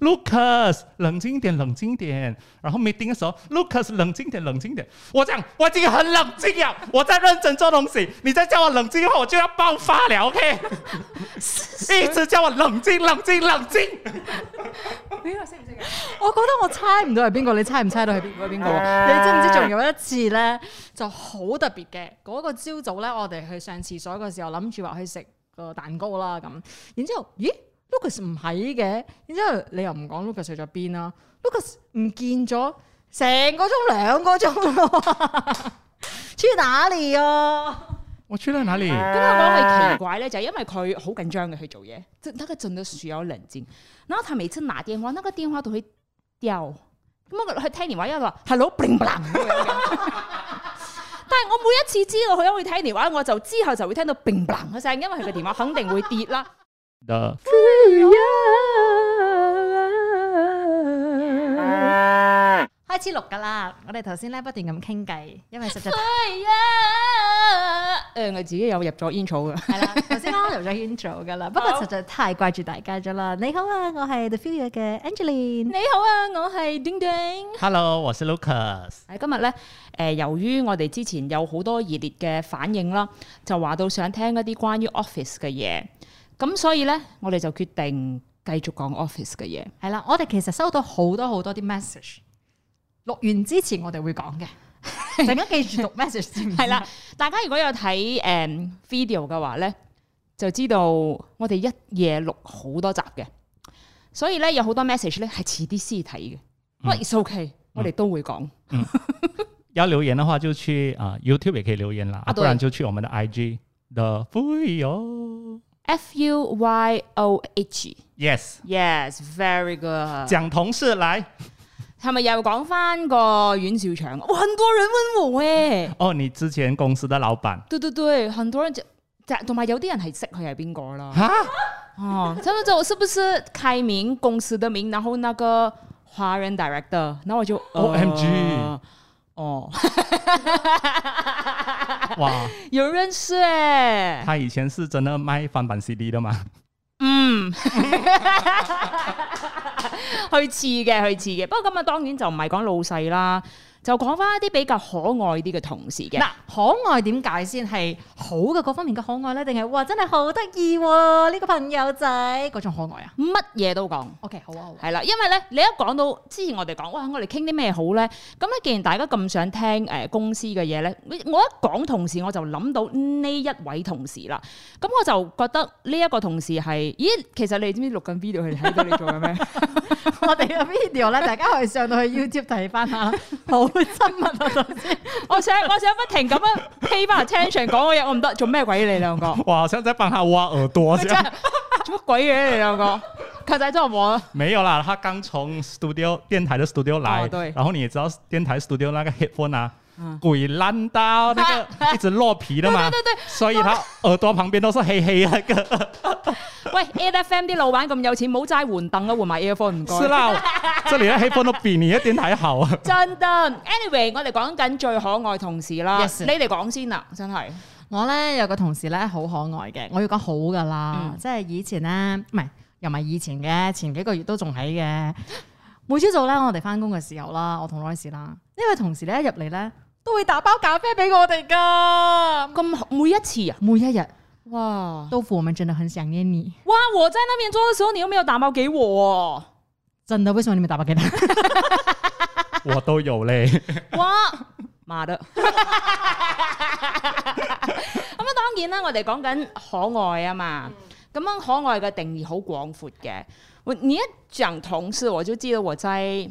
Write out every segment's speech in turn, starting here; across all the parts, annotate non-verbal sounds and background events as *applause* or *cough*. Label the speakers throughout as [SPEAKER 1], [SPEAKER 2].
[SPEAKER 1] Lucas，冷靜點，冷靜點。然後 meeting 嘅時候，Lucas，冷靜點，冷靜點。我講我已經很冷靜呀， *laughs* 我在認真做東西。你再叫我冷靜嘅話我就要爆發了，OK？ *laughs* *laughs* 一直叫我冷靜，冷靜，冷靜。
[SPEAKER 2] 你話識唔識？我覺得我猜唔到係邊個，你猜唔猜到係邊個邊個？ *laughs* 你知唔知？仲有一次咧，就好特別嘅。嗰個朝早咧，我哋去上廁所嘅時候，諗住話去食個蛋糕啦咁。然之後，咦？Lucas 唔喺嘅，然之後你又唔講 Lucas 去咗邊啦？Lucas 唔見咗成個鐘兩個鐘咯，去到哪裡啊？ *laughs* 出哪裡啊，
[SPEAKER 1] 我去到喺度。點解我講係奇怪
[SPEAKER 2] 咧，就係因為佢好緊張嘅去做嘢，等佢進到樹有靈芝。然後他每次拿電話，那個電話都佢掉。咁我佢聽電話因話 hello 但係我每一次知道佢有去聽電話，我就之後就會聽到 bling bling 嘅聲，因為佢嘅電話肯定會跌啦。 *laughs* 開始錄噶啦！我哋頭先咧不斷咁傾偈，因為實在誒 Yeah,、呃，我自己有入咗 intro 嘅係啦，頭先啦入咗 intro 噶啦。 *laughs* 不過實在太掛住大家咗啦！好你好啊，我係 The Fuyoh 嘅 Angeline。你好啊，我係丁丁。
[SPEAKER 1] Hello，我是 Lucas。
[SPEAKER 2] 喺今日咧，誒、呃，由於我哋之前有好多熱烈嘅反應啦，就話到想聽一啲關於 Office 嘅嘢。咁所以咧，我哋就決定繼續講 office 嘅嘢。係啦，我哋其實收到好多好多啲 message。錄完之前我哋會講嘅，大家 *laughs* 記住讀 message 先。係啦，大家如果有睇誒、um, video 嘅話咧，就知道我哋一夜錄好多集嘅。所以咧，有好多 message 咧係遲啲先睇嘅，不過亦都 OK，S、嗯、我哋都會講。
[SPEAKER 1] 嗯、 *laughs* 要留言嘅話就去啊、uh, YouTube 亦可以留言啦，啊、不然就去我們的 IG、啊、對 The Fuyoh。
[SPEAKER 2] F U Y O H，yes，yes，very good。講同事來，係咪又講翻個阮兆祥？我很多人問我誒、欸，哦
[SPEAKER 1] ，oh, 你之前公司的老板，
[SPEAKER 2] 對對對，很多人就同埋有啲人係識佢係邊個啦。啊蛤，哦、嗯，咁啊，我是不是開名公司的名，然後那個華人 director，那我就 O M G。呃哦， *laughs* 哇，有認識哎！
[SPEAKER 1] 他以前是真的賣翻版 CD 的嗎？
[SPEAKER 2] 嗯，去刺嘅，去刺嘅。不過咁啊，當然就唔係講老細啦。就講翻一啲比較可愛啲嘅同事嘅嗱，那可愛點解先係好嘅嗰方面嘅可愛咧？定係哇，真係好得意呢個朋友仔嗰種可愛啊！乜嘢都講，OK 好啊，好啊，好啊，係啦，因為咧，你一講到之前我哋講哇，我哋傾啲咩好咧？咁咧，既然大家咁想聽誒公司嘅嘢咧，我一講同事我就諗到呢一位同事啦，咁我就覺得呢一個同事係咦，其實你知唔知錄緊 video 係喺度做緊咩？ *laughs* *laughs* 我哋嘅 video 咧，大家可以上到去 YouTube 睇翻下。去新聞啊！ *music* 我想我想不停咁樣 pay 翻 attention 講嘢，我唔得做咩鬼、啊、你兩個？
[SPEAKER 1] 哇！想想幫下挖耳朵先，
[SPEAKER 2] 做乜鬼嘢、啊、你兩個？佢 *laughs* 在做乜、啊？
[SPEAKER 1] 沒有啦，他剛從 studio 電台的 studio 來，哦、對然後你也知道電台 studio 那個 headphone 啊。攰爛到，呢個一直落皮嘅嘛，啊啊、對對對所以佢耳朵旁邊都是黑黑。那
[SPEAKER 2] 喂哈哈，A F M 啲老闆咁有錢，冇齋換凳啊，換埋 Airphone
[SPEAKER 1] 唔該。真係 Airphone 便宜一點睇好
[SPEAKER 2] 啊， *laughs* 真嘅。Anyway，我哋講緊最可愛同事啦，yes, sir. 你哋講先啦，真係。我咧有個同事咧好可愛嘅，我要講好噶啦，嗯、即係以前咧唔係又唔係以前嘅，前幾個月都仲喺嘅。每朝早咧我哋翻工嘅時候啦，我同 Royce 啦，呢位同事咧入嚟咧。都會打包咖啡俾我哋㗎，咁每一次啊，每一日，哇！豆腐，我們真的很想念你。哇！我在那邊做的時候，你又沒有打包給我，啊？真的？為什麼你們打包給他？
[SPEAKER 1] *laughs* *laughs* 我都有咧。
[SPEAKER 2] 哇！媽的！咁啊，當然啦，我哋講緊可愛啊嘛，咁樣，嗯、可愛嘅定義好廣闊嘅。你一講同事，我就知道我在。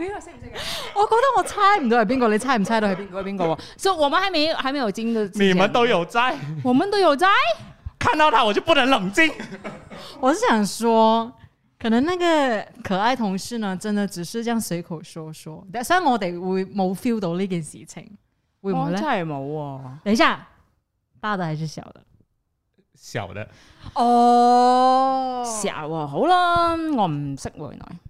[SPEAKER 2] 你話識唔識？懂懂我覺得我猜唔到係邊個，你猜唔猜到係邊個？邊個？所以我們係咪係咪有尖嘅？經過你們都有齋，我們都有齋。 *laughs* 看到他我就不能冷靜。 *laughs* 我是想說，可能那個可愛同事呢，真的只是這樣隨口說說，所以我哋會冇 feel 到呢件事情，會唔會咧？真係冇。等一下，大的還是小的？
[SPEAKER 1] 小的？
[SPEAKER 2] 哦、oh，啊，小好啦，我唔識回來。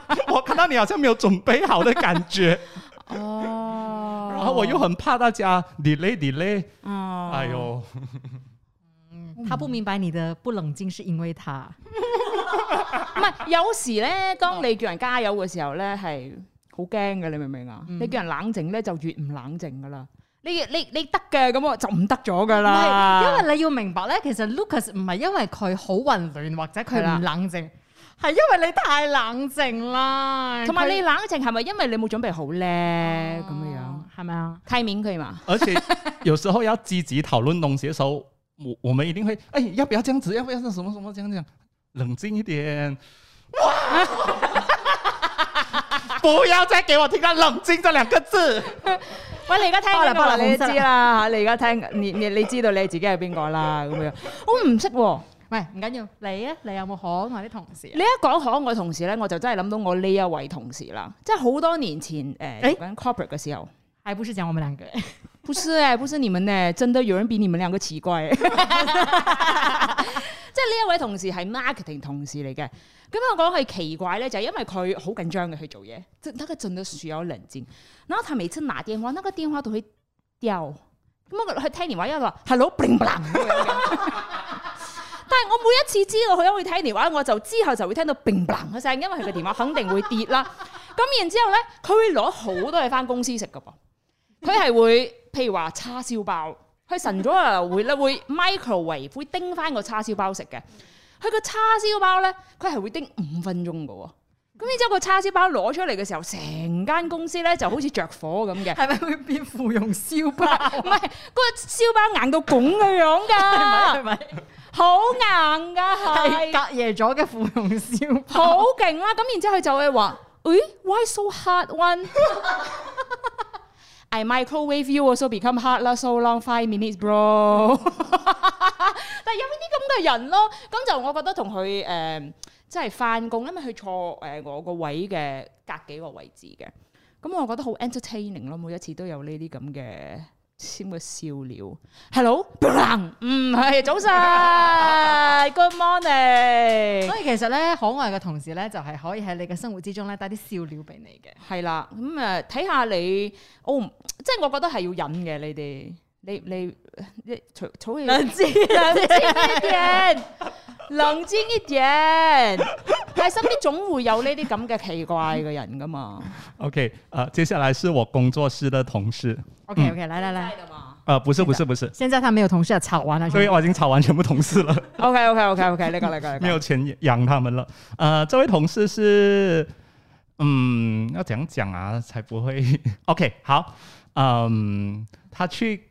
[SPEAKER 1] 但你好像沒有準備好的感覺， *laughs* 哦， *laughs* 然後我又很怕大家 delay delay，哦，哎呦，嗯，
[SPEAKER 2] 他不明白你的不冷靜是因為他，唔係，有時咧，當你叫人加油嘅時候咧，係好驚嘅，你明唔明啊？嗯、你叫人冷靜咧，就越唔冷靜噶啦，你你你得嘅。咁我就唔得咗噶啦，因為你要明白咧，其實 Lucas 唔係因為佢好混亂或者佢唔冷靜。係因為你太冷靜啦，同埋你冷靜係咪因為你冇準備好咧？咁嘅樣係咪啊？體面佢嘛？
[SPEAKER 1] 而且，有時候要積極討論東西嘅時候，我我們一定會，誒、哎，要不要這樣子？要不要什麼什麼？咁樣講，冷靜一點。哇！ *laughs* *laughs* 不要再給我聽到冷靜這兩個字。喂， *laughs* 你而家聽過你都知啦。你而家
[SPEAKER 2] 聽，你你你知道你自己係邊個啦？咁 *laughs* 樣，我唔識喎。喂，唔緊要。你咧，你有冇可愛啲同事？你一講可愛同事咧，我就真係諗到我呢一位同事啦。即係好多年前，誒、呃、做、欸、corporate 嘅時候，還、欸、不是講我們兩個？不是誒、欸，不是你們咧、欸，真的有人比你們兩個奇怪。即係呢一位同事係 marketing 同事嚟嘅。咁、嗯、我講係奇怪咧，就係因為佢好緊張嘅去做嘢，即係等佢進到樹有零件。嗱，他每次拿電話，那個電話都會掉。咁、嗯、啊，佢、嗯、聽電話一路話 hello 但係我每一次知道佢想去睇電話，我就之後就會聽到砰砰嘅聲，因為佢個電話肯定會跌啦。咁 *laughs* 然之後咧，佢會攞好多嘢翻公司食噶噃。佢係會譬如話叉燒包，佢晨早啊會咧 *laughs* 會，會 microwave 會叮翻個叉燒包食嘅。佢個叉燒包咧，佢係會叮五分鐘嘅喎。咁然之後個叉燒包攞出嚟嘅時候，成間公司咧就好似着火咁嘅，係咪會變芙蓉燒包？唔係， *laughs* 個燒包硬到拱嘅樣㗎，係咪？ *laughs* 係咪好硬噶係隔夜咗嘅芙蓉燒，好勁啦！咁然之後佢就會話，誒，Why so hard one？I microwave you，also become hard 啦，so long five minutes，bro。但係有啲咁嘅人咯，咁就我覺得同佢誒，即係翻工，因為佢坐誒我個位嘅隔幾個位置嘅，咁我覺得好 entertaining 咯，每一次都有呢啲咁嘅。啲乜笑料？Hello，b o 唔係、嗯、早晨，Good morning。所以其實咧，可愛嘅同事咧，就係、是、可以喺你嘅生活之中咧，帶啲笑料俾你嘅。係啦，咁誒睇下你，我、哦、即係我覺得係要忍嘅你哋，你你嘈嘈氣，冷靜，
[SPEAKER 1] 冷靜一點，
[SPEAKER 2] 冷靜一點。 *laughs* *laughs* 但 *laughs* 身邊總會有呢啲咁嘅奇怪嘅人噶嘛
[SPEAKER 1] ？OK，啊、呃，接下來是我工作室的同事。嗯、OK OK，
[SPEAKER 2] 嚟嚟嚟，啊、呃，不
[SPEAKER 1] 是不是在不是，不是現
[SPEAKER 2] 在他沒有同事啊，炒完啦，所以我
[SPEAKER 1] 已經炒完全部同事了。 *laughs*
[SPEAKER 2] OK OK OK OK，呢個呢個，這個、 *laughs* 沒有
[SPEAKER 1] 錢養他們了。啊、呃，這位同事是，嗯，要點樣講啊，才不會 *laughs* ？OK，好，嗯，他去。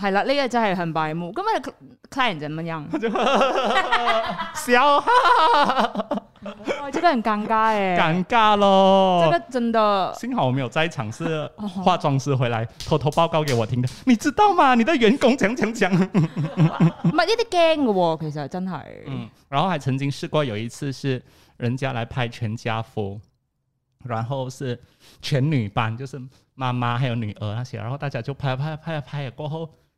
[SPEAKER 2] 係啦，呢、這個真係很白目。咁個 client 點樣樣？笑，我真係很尷尬嘅。尷
[SPEAKER 1] 尬咯、哦，這
[SPEAKER 2] 個真的。幸好
[SPEAKER 1] 我沒有在場，是化妝師回來 *laughs* 偷偷報告給我聽的。你
[SPEAKER 2] 知道嘛？你的員工
[SPEAKER 1] 講講講，
[SPEAKER 2] 唔係呢啲驚嘅喎，其實真係、嗯、
[SPEAKER 1] 然後還曾經試過有一次，是人家來拍全家福，然後是全女班，就是媽媽還有女兒那些，然後大家就拍哈、啊、拍哈、啊、拍哈、啊、拍哈哈哈，過後，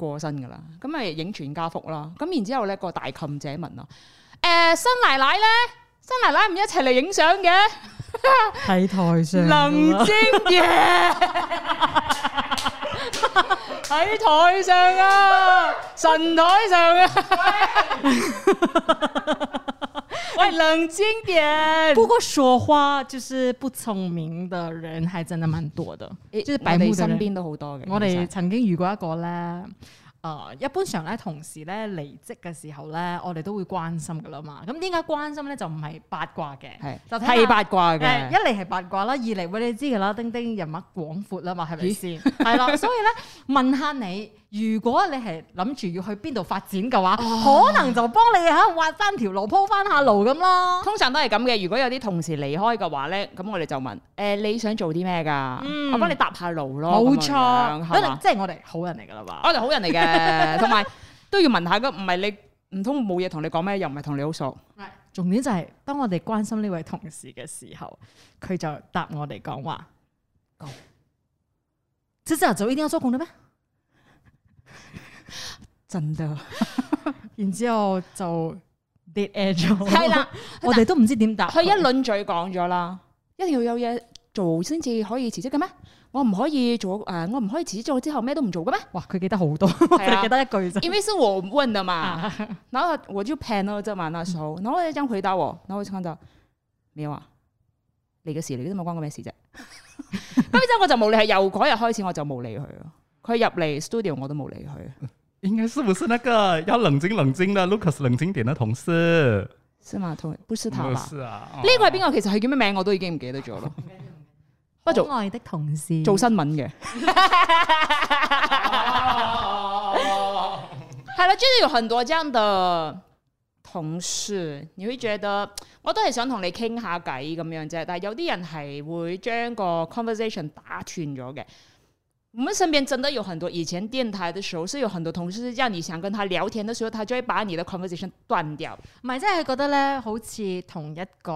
[SPEAKER 2] 過身噶啦，咁咪影全家福啦。咁然之後咧，個大妗姐問啊：誒，新奶奶咧，新奶奶唔一齊嚟影相嘅？喺台上。林貞爺喺台上啊，神台上啊！快、哎、冷靜點！不過說話就是不聰明的人，還真的蠻多的，即、欸、是白目。身邊都好多嘅。實我哋曾經遇過一個呢，誒、呃，一般常咧同事咧離職嘅時候呢，我哋都會關心噶啦嘛。咁點解關心呢？就唔係八卦嘅，係是就係八卦嘅。一嚟係八卦啦，二嚟喂你知噶啦，丁丁人物廣闊啦嘛，係咪先？係啦咦，所以呢， *laughs* 問下你。如果你係諗住要去邊度發展嘅話，哦、可能就幫你喺度挖翻條路鋪翻下路咁咯。通常都係咁嘅。如果有啲同事離開嘅話咧，咁我哋就問誒、呃，你想做啲咩噶？嗯、我幫你搭下路咯。冇錯錯，是即係我哋好人嚟噶啦，我哋好人嚟嘅，同埋 *laughs* 都要問下噶唔係你唔通冇嘢同你講咩？又唔係同你好熟？係是重點就係、是、當我哋關心呢位同事嘅時候，佢就答我哋講話。今日早一定要收工啦咩？ira 真㗎，然之後就 dead end 咗。係啦，我哋都唔知點答。佢一輪嘴講咗啦，一定要有嘢做先至可以辭職嘅咩？我唔可以做誒，我唔可以辭職咗之後咩都唔做嘅咩？哇！佢記得好多，我哋記得一句。因為是我問的嘛，然後我就 panel 咗嘛那時候，然後佢就咁回答我，然後我就覺得沒有啊，事，你個都冇關我咩事啫。咁之後我就冇理，係由嗰日開始我就冇理佢咯。佢入嚟 studio 我都冇理佢，
[SPEAKER 1] 應該是不是那個要冷靜冷靜的 Lucas 冷靜點的同事？
[SPEAKER 2] 是嘛？同不是他？唔係啊？呢個係邊個？其實係叫咩名？我都已經唔記得咗咯。 *laughs* 不做，可愛的同事做新聞嘅，係啦，即係有很多這樣的同事，你會覺得我都係想同你傾下偈咁樣啫，但係有啲人係會將個 conversation 打斷咗嘅。我們身邊真的有很多，以前電台的時候，是有很多同事，讓你想跟他聊天的時候，他就會把你的 conversation 斷掉。唔係真係覺得咧，好似同一個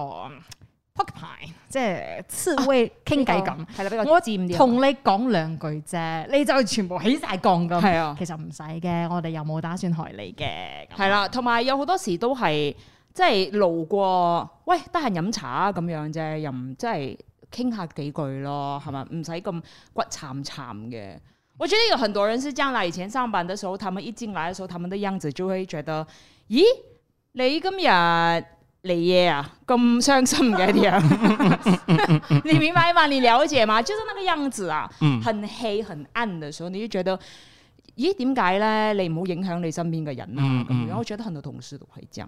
[SPEAKER 2] porcupine，即係刺猬傾偈咁。係啦，比較尖啲。我同你講兩句啫，你就全部起晒槓咁。係啊，其實唔使嘅，我哋又冇打算害你嘅。係啦 *laughs* 這樣，同埋有好多時都係即係路過，喂，得閒飲茶啊咁樣啫，又唔即係。就是傾下幾句咯，係嘛？唔使咁骨慘慘嘅。我覺得有很多人是這樣。以前上班嘅時候，他們一進來嘅時候，他們的樣子就會覺得，咦，你今日嚟嘢啊，咁傷心嘅啲啊，
[SPEAKER 1] *laughs* *laughs* *laughs*
[SPEAKER 2] 你明白嘛？你了解嘛？就是那個樣子啊，很黑很暗的時候，你就覺得，咦，點解咧？你唔好影響你身邊嘅人啊。咁樣，我覺得很多同事都係這樣。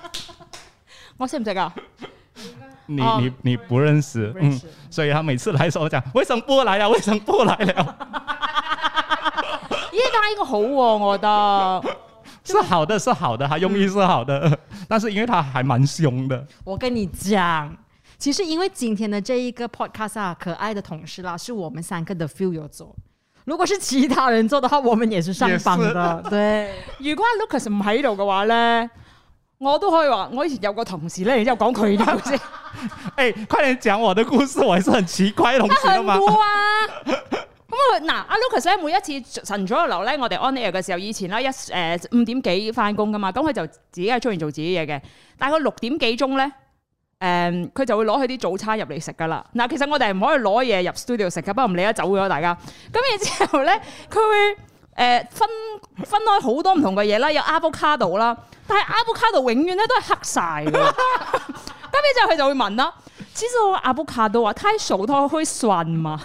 [SPEAKER 2] 我信唔識噶？你
[SPEAKER 1] 你你不認識，不認識，嗯，所以他每次來的時候講，為什麼不來了？為什麼不來了？
[SPEAKER 2] 因為他一個好、哦，我覺得
[SPEAKER 1] 是好的是，是好的，他用意是好的，嗯，但是因為他還蠻兇的。
[SPEAKER 2] 我跟你講，其實因為今天的這一個 podcast 啊，可愛的同事啦，是我們三個 The Fuyoh 有做。如果是其他人做的話，我們也是上榜的。是對，如果 Lucas 唔喺度嘅話呢？我都可以話，我以前有個同事咧，又講佢嘅故事。誒 *laughs* 、
[SPEAKER 1] 欸，快點講我的故事，我係是很奇怪的同事噶嘛。
[SPEAKER 2] 咁啊，嗱、啊，阿 Lucas 咧，每一次晨早流流咧，我哋 on air 嘅時候，以前啦一誒五、呃、點幾翻工噶嘛，咁佢就自己喺出面做自己嘢嘅。大概六點幾鐘咧，誒、呃，佢就會攞佢啲早餐入嚟食噶啦。嗱，其實我哋係唔可以攞嘢入 studio 食噶，不過唔理啦，走咗大家。咁然之後咧，佢。誒、呃、分分開好多唔同嘅嘢啦，有阿布卡度啦，但係阿布卡度永遠咧都係黑曬嘅。咁之後佢就會問啦，知道阿布卡度話太熟，太開心嘛？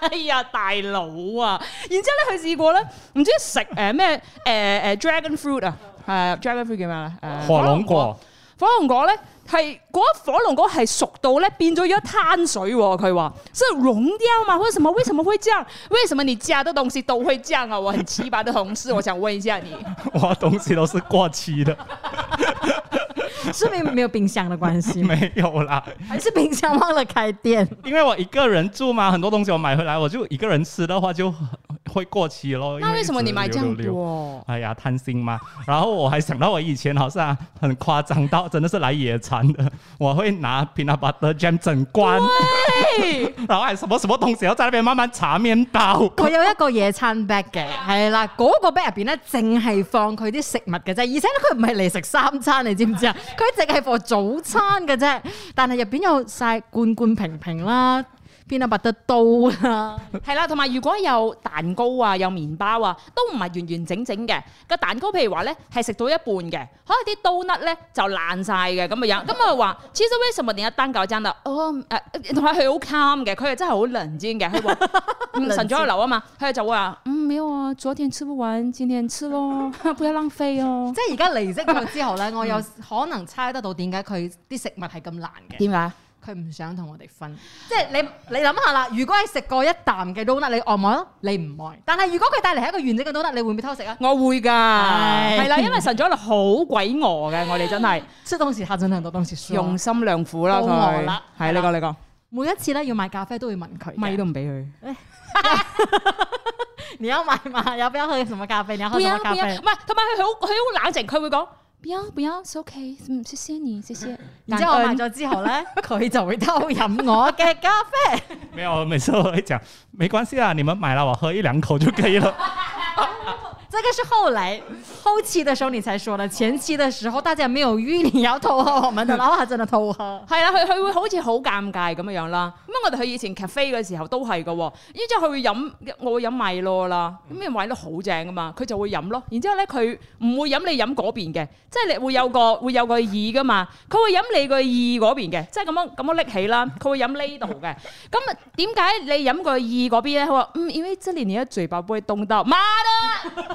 [SPEAKER 2] 哎呀，大佬啊！然之後咧佢試過咧，唔知食誒咩誒誒 dragon fruit 啊，係、 *laughs* uh, dragon fruit 叫咩咧？火、uh, 龍果，火龍果咧。係嗰火龍果係熟到咧、喔，變咗一灘水喎。佢話，即係溶掉嘛？或者什麼？為什麼會這樣？ *laughs* 為什麼你加的東西都會這樣啊？我很奇葩的同事， *laughs* 我想問一下你，
[SPEAKER 1] 我東西都是過期的。 *laughs* *laughs*
[SPEAKER 2] 係明，是沒有冰箱的關係？ *laughs* 沒
[SPEAKER 1] 有啦，還
[SPEAKER 2] 是冰箱忘了開電？
[SPEAKER 1] *laughs* 因為我一個人住嘛，很多東西我買回來，我就一個人吃的話就會過期咯。那為什麼你買醬多？哎呀，貪心嘛。然後我還想到我以前好像很誇張到真的是來野餐的，我會拿 peanut butter jam 整罐，喂 *laughs* 然後還什麼什麼東西要在那邊慢慢擦麵包。我
[SPEAKER 2] 有一個野餐 bag 嘅，係 *laughs* 啦，嗰、那個 bag 入邊呢，淨係放佢啲食物嘅啫，而且咧佢唔係嚟食三餐，你知唔知啊？ *laughs* 佢淨係做早餐嘅啫，但係入邊有曬罐罐瓶瓶啦。邊粒擘得刀啦、啊？係啦，同埋如果有蛋糕啊，有麵包啊，都唔係完完整整嘅。個蛋糕譬如話咧，係食到一半嘅，可能啲刀甩咧就爛晒嘅咁嘅樣。咁啊話，其實為乜點一單夠爭啦？哦誒，同埋佢好 calm 嘅，佢係真係好冷靜嘅。佢話晨早流啊嘛，佢就話：嗯，冇啊，、嗯、啊，昨天吃不完，今天吃咯，不要浪費哦、啊。 *laughs* 即係而家離職咗之後咧，我有可能猜得到點解佢啲食物係咁爛嘅。點解？佢唔想同我哋分，即係你你諗下啦。如果係食過一啖嘅 donut，你愛唔愛？你唔愛。但係如果佢帶嚟係一個完整嘅 donut，你會唔會偷食啊？我會噶，係啦，因為神仔咧好鬼餓嘅，我哋真係即係當時吓咗兩多，當時用心良苦啦，係你講你講。每一次咧要買咖啡都會問佢，咪都唔俾佢。你要買嘛？有俾佢什麼咖啡？唔要唔要，唔係，同埋佢好佢好冷靜，佢會講。不要不要，OK。嗯，謝謝你，謝謝。然之後我買咗之後咧，佢 *laughs* 就會偷飲我嘅咖啡。
[SPEAKER 1] *laughs* 沒有，每次我會講，沒關係啊，你們買了我喝一兩口就可以了。 *laughs*
[SPEAKER 2] 這個是後來後期的時候你才說呢，前期的時候大家沒有預你要偷喝我們的，嗯、然後真的偷喝，係啦、啊，佢會會好似好尷尬咁樣樣啦。咁我哋去以前 cafe 嘅時候都係噶、哦，然之後佢會飲，我會飲米咯啦，咁啲米都得好正噶嘛，佢就會飲咯。然之後咧，佢唔會飲你飲嗰邊嘅，即係你會有個會有個耳噶嘛，佢會飲你個耳嗰邊嘅，即係咁樣咁樣拎起啦，佢會飲呢度嘅。咁啊，點解你飲個耳嗰邊咧？佢話唔，因為之前你一嘴巴杯凍到，媽的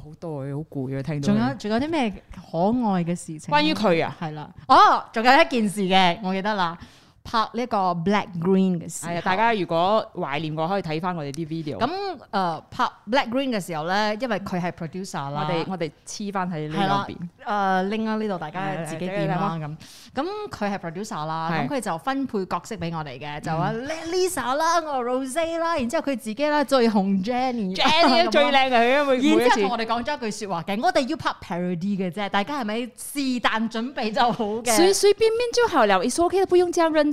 [SPEAKER 2] 好多嘅，好攰啊！聽到仲有仲有啲咩可愛嘅事情？關於佢啊，係啦，哦，仲有一件事嘅，我記得啦。拍呢個 Black Green 嘅，係啊！大家如果懷念過，可以睇翻我哋啲 video。咁誒、呃，拍 Black Green 嘅時候咧，因為佢係 producer，我哋我哋黐翻喺呢邊。誒拎啊呢度，呃啊、這大家自己掂啦。咁咁佢係 producer 啦，咁佢就分配角色俾我哋嘅，就話 Lisa 啦，我 Rose 啦，然之後佢自己啦最紅 Jenny，Jenny 最靚嘅佢。然之後同我哋講咗一句說話嘅，我哋要拍 parody 嘅啫，大家係咪是但準備就好嘅？隨隨 *laughs* 便便就好了，一 OK 不用這樣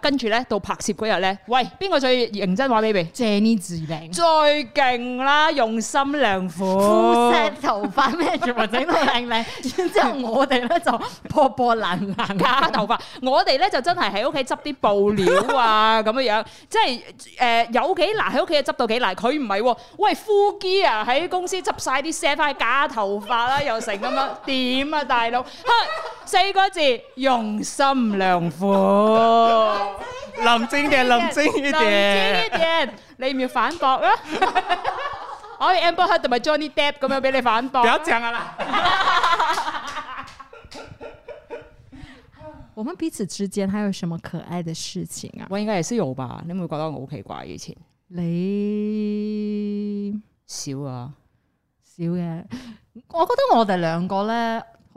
[SPEAKER 2] 跟住咧到拍攝嗰日咧，喂，邊個最認真話畀你？借呢字靚，最勁啦，用心良苦，敷石頭髮咩，全部整到靚靚。 *laughs* 然之後我哋咧就破破爛爛假頭髮，我哋咧就真係喺屋企執啲布料啊，咁樣 *laughs* 樣，即係誒、呃、有幾難喺屋企啊執到幾難，佢唔係喎，喂，敷機啊喺公司執晒啲石塊假頭髮啦、啊、又成咁樣，點 *laughs* 啊大佬？四個字用心良苦， *laughs* 林貞嘅林貞呢啲，呢啲， *laughs* 你唔要反駁啊？我以 Amber Heard 同埋 Johnny Depp 咁樣俾你反駁。不要講啦。我們彼此之間還有什麼可愛嘅事情啊？我應該也是有吧？你唔會覺得我好奇怪、啊？以前你少啊，少嘅、啊。我覺得我哋兩個咧。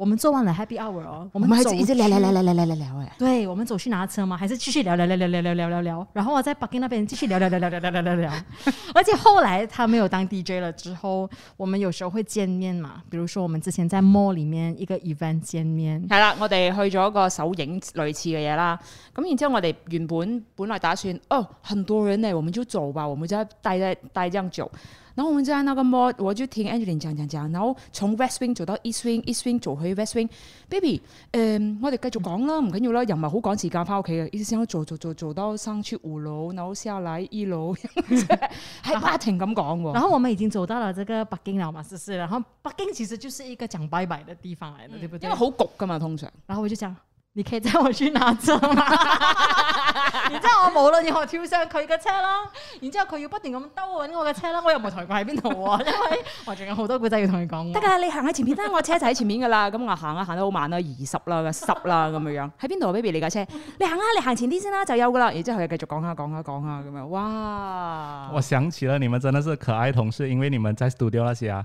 [SPEAKER 2] 我們做完了 Happy Hour 哦，我們還是一直聊，聊，聊，聊，聊，聊，聊，誒，對，我們走去拿車嘛，還是繼續聊聊，聊，聊，聊，聊，聊，聊，然後我在北京那邊繼續聊聊，聊，聊，聊，聊，聊，聊，而且後來他沒有當 DJ 了之後，我們有時候會見面嘛，比如說我們之前在 mall 裏面一個 event 見面，係啦，我哋去咗個首映類似嘅嘢啦，咁然之後我哋原本本來打算哦，很多人嚟我哋就走吧，我哋就待咗待咗咁久。然後我就按那個 mode，我就聽 Angeline 講講講，然後從 West Wing 走到、e、Wing, East Wing，East Wing 走去 West Wing，baby，誒、呃、我哋繼續講啦，唔緊要啦，又唔係好趕時間翻屋企嘅，於是先走走走走到上去五樓，然後下來一樓，係不停咁講喎。然後我們已經走到了這個 beginning 嘛，只是，是，然後 beginning 其實就是一個講拜拜的地方嚟嘅，嗯、對唔對？因為好焗噶嘛，通常。然後我就講，你可以帶我去拿走嗎？ *laughs* *laughs* 然之後我冇咯，要學跳上佢嘅車啦。然之後佢要不斷咁兜揾我嘅車啦，我又冇台掛喺邊度。因為我仲有好多故仔要同你講。得噶，你行喺前面，啦，我車就喺前面噶啦。咁、嗯、我行啊，行得好慢啦、啊，二十啦，十啦咁樣樣。喺邊度，Baby？你架車？你行啊，你行前啲先啦、啊，就有噶啦。然之後佢繼續講下講下講下咁樣。哇！
[SPEAKER 1] 我想起了你們真的是可愛同事，因為你們在 studio 那些啊。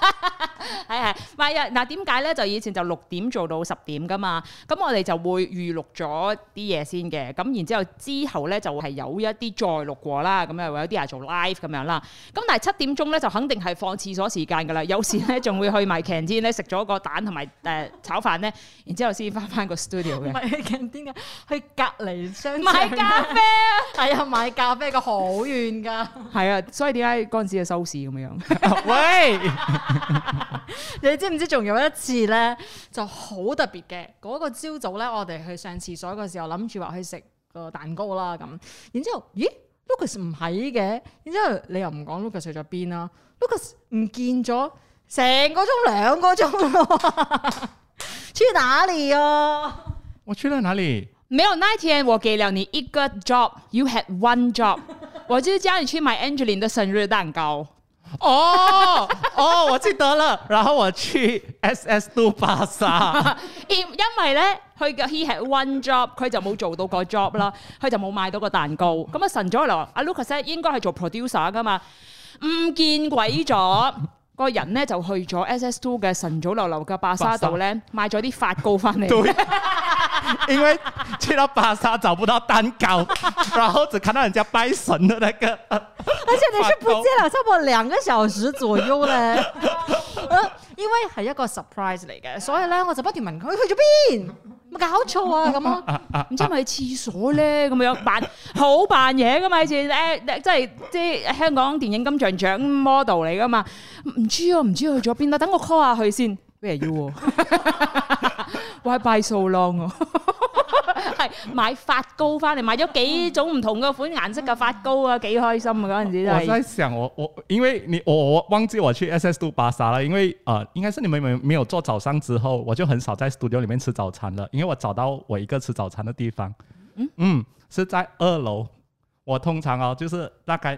[SPEAKER 2] 係係，咪呀？嗱點解咧？就以前就六點做到十點噶嘛，咁我哋就會預錄咗啲嘢先嘅，咁然之後之後咧就係有一啲再錄過啦，咁又有啲人做 live 咁樣啦。咁但係七點鐘咧就肯定係放廁所時間噶啦，有時咧仲會去埋 can 天咧食咗個蛋同埋誒炒飯咧，然之後先翻翻個 studio 嘅。咪去 can 天㗎？去隔離商場買咖啡啊！係啊、 *laughs* 哎，買咖啡嘅好遠㗎。係啊，所以點解嗰陣時嘅收視咁樣、 *laughs* 啊？喂！ *laughs* 你知唔知仲有一次咧就好特別嘅？嗰、那個朝早咧，我哋去上廁所嘅時候，諗住話去食個蛋糕啦咁。然之後，咦，Lucas 唔喺嘅。然之後你又唔講 Luc Lucas 食咗邊啦，Lucas 唔見咗成個鐘兩個鐘， *laughs* 去哪裏啊！
[SPEAKER 1] 我去了哪裏？
[SPEAKER 2] 沒有，那 n 我給了你 e r job，you had one job，我就是叫你去買 Angeline 的生日蛋糕。
[SPEAKER 1] 哦， *laughs* 哦，我知得了，然後我去 S S Two 巴沙，
[SPEAKER 2] 因 *laughs* 因為咧，佢嘅 He had one job，佢就冇做到個 job 啦，佢就冇買到個蛋糕。咁啊晨早流流，話，阿 Lucas 應該係做 producer 噶嘛，唔見鬼咗，個人咧就去咗 S S Two 嘅晨早流流嘅巴沙度咧沙，買咗啲發糕翻嚟。 *laughs* 對 *laughs*
[SPEAKER 1] *laughs* 因為去到巴沙找不到蛋糕，然後只看到人家拜神的那個，
[SPEAKER 2] 而且你是不見了，差不多兩個小時左右咧， *laughs* *laughs* 因為係一個 surprise 嚟嘅，所以咧我就、啊啊啊、不斷問佢去咗邊，冇搞錯啊咁咯，唔知係咪廁所咧咁樣扮好扮嘢噶嘛，似誒、哎、即係即係香港電影金像獎 model 嚟噶嘛，唔知啊唔知去咗邊啦，等我 call 下佢先 Where you？ *laughs* Why buy so long 喎，係買髮膏翻嚟，買咗幾種唔同嘅款顏色嘅髮膏啊，幾開心啊嗰陣時真係。我真係
[SPEAKER 1] 想我我，因為你我我忘記我去 S S 度巴沙啦，因為啊、呃，應該是你們沒沒有做早餐之後，我就很少在 studio 裡面吃早餐了，因為我找到我一個吃早餐的地方，嗯，嗯，是在二樓，我通常哦，就是大概。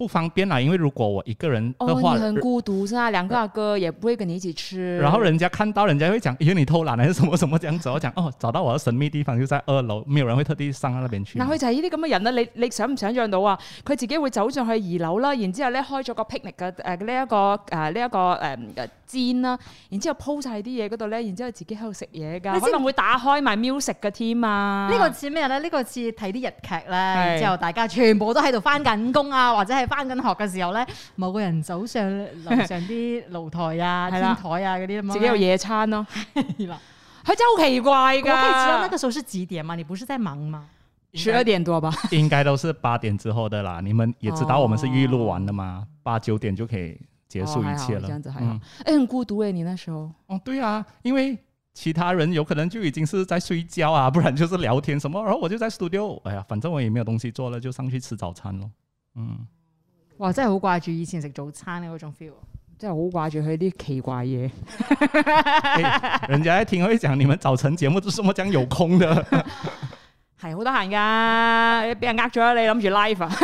[SPEAKER 1] 不方便啦、啊，因為如果我一個人嘅話、哦，你很孤
[SPEAKER 2] 獨，係嘛？兩個阿哥、哥也不會跟你一起吃。然後人
[SPEAKER 1] 家看到，人家會講：咦、哎，你偷懶，還是什麼什麼？這樣子，我講 *laughs* 哦，找到我的神秘地方，就在二樓，沒有人會特地上到那邊去。嗱，佢
[SPEAKER 2] 就係呢啲咁嘅人啦，你你想唔想象到啊？佢自己會走上去二樓啦，然之後咧開咗個 picnic 嘅誒呢、呃、一、這個誒呢一個誒。呃這個呃煎啦，然之後鋪晒啲嘢嗰度咧，然之後自己喺度食嘢噶，你可能會打開埋 music 噶添啊。呢個似咩咧？呢個似睇啲日劇咧，然之後大家全部都喺度翻緊工啊，或者係翻緊學嘅時候咧，某個人走上樓上啲露台啊、天台啊嗰啲，自己有野餐咯。佢真係好奇怪噶。我可以知道，那個時候是幾點嗎？你不是在忙嗎？十二點多吧，
[SPEAKER 1] 應該都是八點之後的啦。你們也知道我們是預錄完的嘛，八九點就可以。結束一切了，哎、
[SPEAKER 2] 哦嗯欸，很孤獨哎，你那時候，哦，對啊，因
[SPEAKER 1] 為其他人有可能就已經是在睡覺啊，不然就是聊天什麼，然後我就在 studio，哎呀，反正我也沒有東西做了，就上去吃早餐咯，嗯，
[SPEAKER 2] 哇，真係好掛住以前食早餐嘅嗰種 feel，
[SPEAKER 1] 真係好掛住佢啲奇怪嘢、 *laughs* 欸，人家一聽會講，你們早晨節目都咁講有空的，
[SPEAKER 2] 係好得閒噶，俾人呃咗你諗住 live 啊。 *laughs*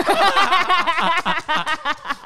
[SPEAKER 2] 啊
[SPEAKER 1] 啊啊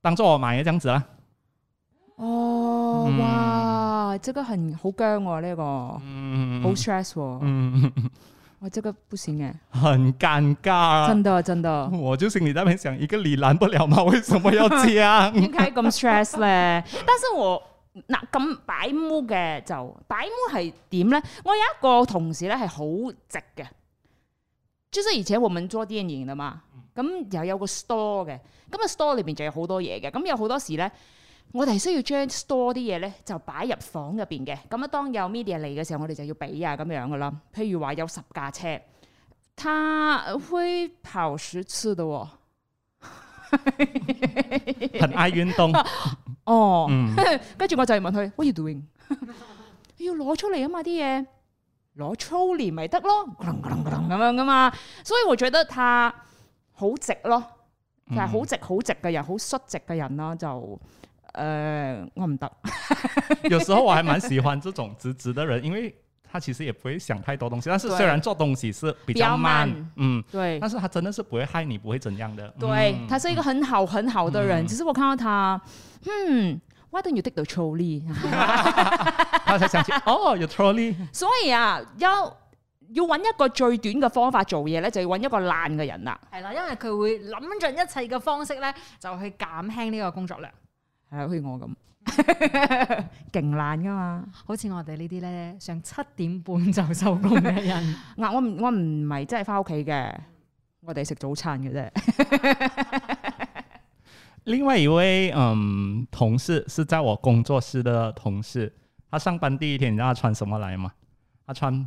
[SPEAKER 1] 當做我買嘅張紙啦。
[SPEAKER 2] 哦，哇，這個很好僵喎、啊，呢、這個，嗯嗯
[SPEAKER 1] 嗯，好 stress 喎、啊，嗯嗯嗯，
[SPEAKER 2] 我這個不行誒、啊，
[SPEAKER 1] 很尷尬啊，真的真的，我就心裏那邊想，一個理攔不了嘛，為什麼要這樣？點解
[SPEAKER 2] 咁 stress 咧？ *laughs* 但是我嗱咁擺 move 嘅就擺 move 係點咧？我有一個同事咧係好直嘅，就是以前我們做電影嘅嘛。咁又有個 store 嘅，咁啊 store 裏邊就有好多嘢嘅，咁有好多時咧，我哋係需要將 store 啲嘢咧就擺入房入邊嘅。咁啊，當有 media 嚟嘅時候，我哋就要俾啊咁樣噶啦。譬如話有十架車，他會跑十次嘅喎，很哀怨東。哦，跟 *laughs* 住我就係問佢：What are you doing， *laughs* 要攞出嚟啊嘛啲嘢，攞出嚟咪得咯，咁樣噶嘛。所以我覺得他好直咯，
[SPEAKER 1] 就係好
[SPEAKER 2] 直好直嘅人，好率、嗯、直嘅人啦，就誒、呃、
[SPEAKER 1] 我唔得。 *laughs* 有時候我還蠻喜歡這種直直的人，因為他其實也不會想太多東西。對但是雖然做東西是比較慢，慢嗯，對，但是他真的是不會害你，不會怎樣的。對，嗯、他是
[SPEAKER 2] 一個很好很好的人。只是、嗯、我看到他，嗯，Why don't you take the trolley? *laughs*
[SPEAKER 1] *laughs* 他才想起，哦，有 trolley。
[SPEAKER 2] 所以啊，要。要揾一個最短嘅方法做嘢咧，就要揾一個懶嘅人啦。係啦，因為佢會諗盡一切嘅方式咧，就去減輕呢個工作量。係啊，好似我咁勁懶噶嘛，好似我哋呢啲咧，上七點半就收工嘅人。嗱、 *laughs* 啊，我唔我唔係真係返屋企嘅，我哋食早餐嘅啫。
[SPEAKER 1] *laughs* 另外一位嗯同事，是在我工作室嘅同事，他上班第一天，你知道他穿什麼來嘛？他穿。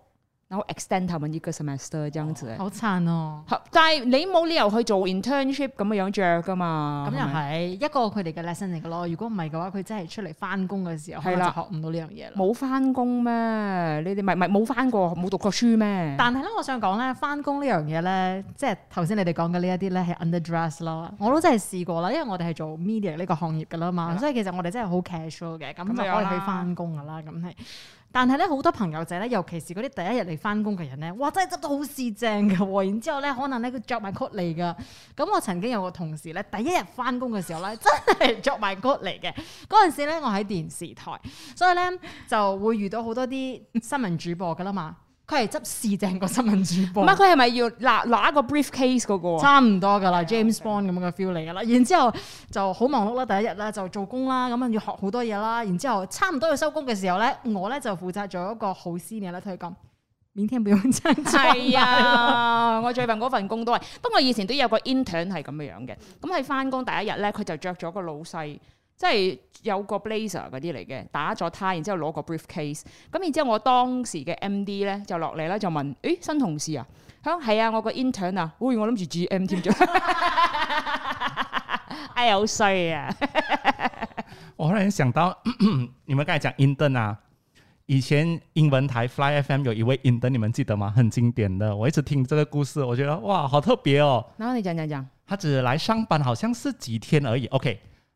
[SPEAKER 2] 好 extend 頭咪一個 semester，哦、這樣好慘哦！但係你冇理由去做 internship 咁嘅樣着噶嘛？咁又係一個佢哋嘅 lesson 嚟嘅咯。如果唔係嘅話，佢真係出嚟翻工嘅時候，係啦的，學唔到呢樣嘢。冇翻工咩？你哋咪咪冇翻過，冇讀過書咩？但係咧，我想講咧，翻工呢樣嘢咧，即係頭先你哋講嘅呢一啲咧，係 underdress 咯。我都真係試過啦，因為我哋係做 media 呢個行業噶啦嘛，的所以其實我哋真係好 casual 嘅，咁就可以去翻工噶啦，咁係的。嗯但係咧，好多朋友仔咧，尤其是嗰啲第一日嚟翻工嘅人咧，哇，真係執到好市正嘅喎！然之後咧，可能咧佢着埋 coat 嚟噶。咁我曾經有個同事咧，第一日翻工嘅時候咧，真係着埋 coat 嚟嘅。嗰陣時咧，我喺電視台，所以咧就會遇到好多啲新聞主播噶啦嘛。佢係執事正個新聞主播，唔係，佢係咪要拿一個 briefcase 嗰、嗰個？差唔多噶啦對，James Bond 咁嘅 feel 嚟噶啦。然之後就好忙碌啦，第一日啦就做工啦，咁啊要學好多嘢啦。然之後差唔多要收工嘅時候咧，我咧就負責咗一個好事嘅咧，同佢講天聽用彰。係啊，我最近嗰份工都係，不過我以前都有一個 intern 係咁嘅樣嘅。咁喺翻工第一日咧，佢就着咗個老細。即係有個 blazer 嗰啲嚟嘅，打咗呔，然之後攞個 briefcase，咁、嗯、然之後我當時嘅 MD 咧就落嚟啦，就問，誒新同事啊，佢講係啊，我個 intern 啊，喂、哎，我諗住 GM 添咗， *laughs* *laughs* 哎好衰啊！
[SPEAKER 1] *laughs* 我忽然想到咳咳你們剛才講 intern 啊，以前英文台 Fly FM 有一位 intern，你們記得嗎？很經典的，我一直聽這個故事，我覺得哇，好特別哦！
[SPEAKER 2] 然後你講講講，
[SPEAKER 1] 他只來上班，好像是幾天而已。OK。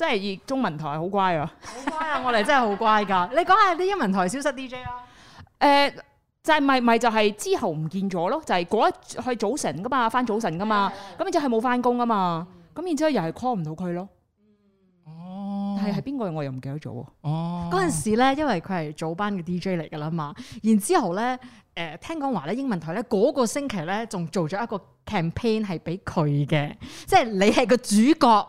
[SPEAKER 2] 真係中文台好乖，啊、乖啊！好 *laughs* 乖啊，我哋真係好乖噶。你講下啲英文台消失 DJ 啦。誒、呃，就係咪咪就係、是、之後唔見咗咯？就係嗰日去早晨噶嘛，翻早晨噶嘛。咁然之後係冇翻工噶嘛。咁然之後又係 call 唔到佢咯。哦，係係邊個？我又唔記得咗喎。哦，嗰陣時咧，因為佢係早班嘅 DJ 嚟噶啦嘛。然之後咧，誒、呃、聽講話咧英文台咧嗰、那個星期咧，仲做咗一個 campaign 係俾佢嘅，即係你係個主角。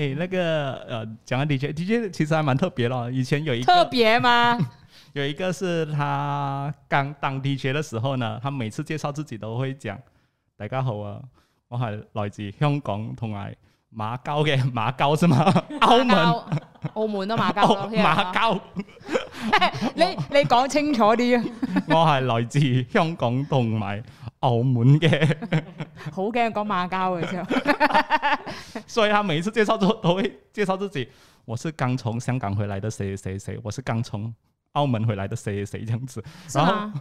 [SPEAKER 1] 誒，那個，誒、呃，講下 DJ，DJ 其實還蠻特別咯。以前有一個特別嗎？ *laughs* 有一個是他剛當 DJ 的時候呢，他每次介紹自己都會講：大家好啊，我係來自香港同埋馬交嘅馬交，是嘛高？澳門，
[SPEAKER 2] 澳門啊，馬交，馬交。你你講清楚啲啊！
[SPEAKER 1] *laughs* 我係來自香港同埋。澳門嘅，
[SPEAKER 2] *laughs* 好驚講馬交嘅，
[SPEAKER 1] *laughs* 所以，他每一次介紹都都會介紹自己，我是剛從香港回來的，誰誰誰，我是剛從澳門回來的，誰誰，這樣子。然後、啊、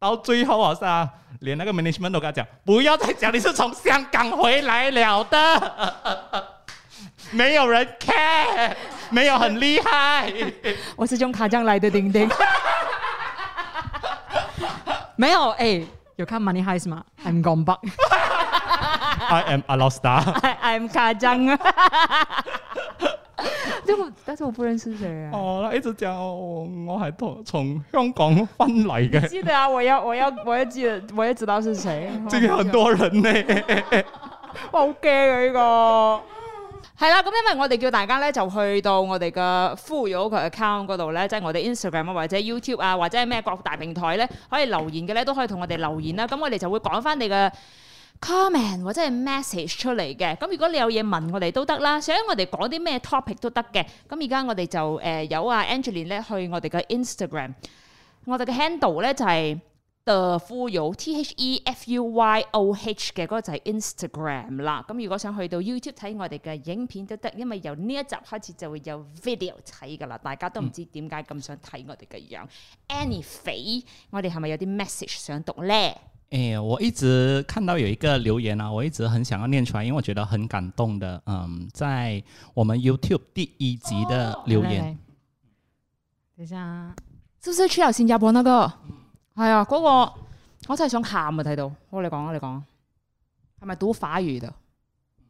[SPEAKER 1] 到最後我啊，連那個 management 都跟佢講，不要再講你是從香港回來了的， *laughs* 沒有人 care，沒有很厲害， *laughs* 我是用卡將來的釘
[SPEAKER 2] 釘， *laughs* *laughs* 沒有誒。欸有 c m money highs 嘛？I'm gone back。
[SPEAKER 1] *laughs* I am a lost star。
[SPEAKER 2] I'm 誇張。啊。哈哈哈，但是我不認識誰啊？哦，
[SPEAKER 1] 一直講我係從香港返嚟嘅。記得
[SPEAKER 2] 啊，我要我要我要記得，我要知道係誰。
[SPEAKER 1] *laughs* 哇今日很多人呢。
[SPEAKER 2] 我好驚啊！呢個。係啦，咁因為我哋叫大家咧，就去到我哋嘅 FuYoh account 嗰度咧，即係我哋 Instagram 啊，或者 YouTube 啊，或者係咩各大平台咧，可以留言嘅咧，都可以同我哋留言啦。咁我哋就會講翻你嘅 comment 或者係 message 出嚟嘅。咁如果你有嘢問我哋都得啦，想我哋講啲咩 topic 都得嘅。咁而家我哋就誒有阿 Angeline 咧去我哋嘅 Instagram，我哋嘅 handle 咧就係。The Fuyoh 嘅嗰個就係 Instagram 啦，咁如果想去到 YouTube 睇我哋嘅影片都得，因為由呢一集開始就會有 video 睇噶啦，大家都唔知點解咁想睇我哋嘅樣。Any、anyway，肥、嗯，我哋係咪有啲 message 想讀咧？誒、
[SPEAKER 1] 欸，我一直看到有一個留言啊，我一直很想要念出來，因為我覺得很感動的。嗯，在我們 YouTube 第一集的留言，哦、來
[SPEAKER 2] 來來等下、啊，是不是去了新加坡那個？係、哎那個、啊，嗰個我真係想喊啊！睇到，好，你講，你講，係咪賭法語的？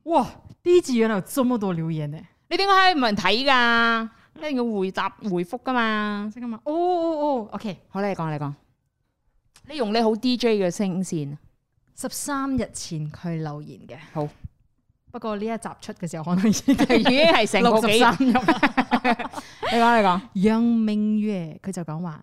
[SPEAKER 2] 哇！D J 有這麼多留言咧，你點解冇人睇噶？一定要回答回覆噶嘛？識噶嘛？哦哦哦，OK，好，你講，你講，你用你好 D J 嘅聲線，十三日前佢留言嘅，好。不過呢一集出嘅時候，可能已經已經係成個,三個 *laughs* 幾三日。 *laughs* 你講，你講，楊明月佢就講話。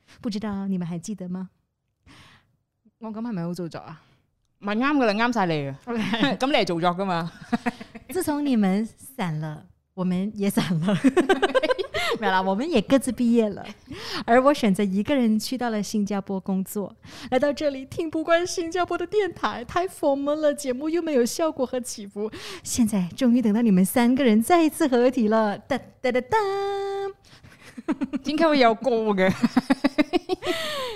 [SPEAKER 2] 不知道你們還記得嗎？我咁係咪好做作啊？唔係啱噶啦，啱晒你啊！咁 *laughs* 你係做作噶嘛？ *laughs* 自從你們散了，我們也散了，冇 *laughs* 啦，我們也各自畢業了。而我選擇一個人去到了新加坡工作， 來到這裏聽不慣新加坡的電台，太 formal 了，節目又沒有效果和起伏。現在終於等到你們三個人再一次合體了，噠噠噠噠。點解會有歌嘅？ *laughs*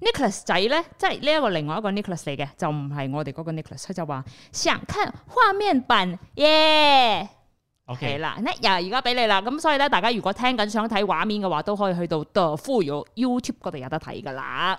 [SPEAKER 2] Nicholas 仔咧，即係呢一個另外一個 Nicholas 嚟嘅，就唔係我哋嗰個 Nicholas。佢就話想看畫面版耶，yeah! OK 啦，呢又而家俾你啦。咁所以咧，大家如果聽緊想睇畫面嘅話，都可以去到 The Fuyoh YouTube 嗰度有得睇噶啦。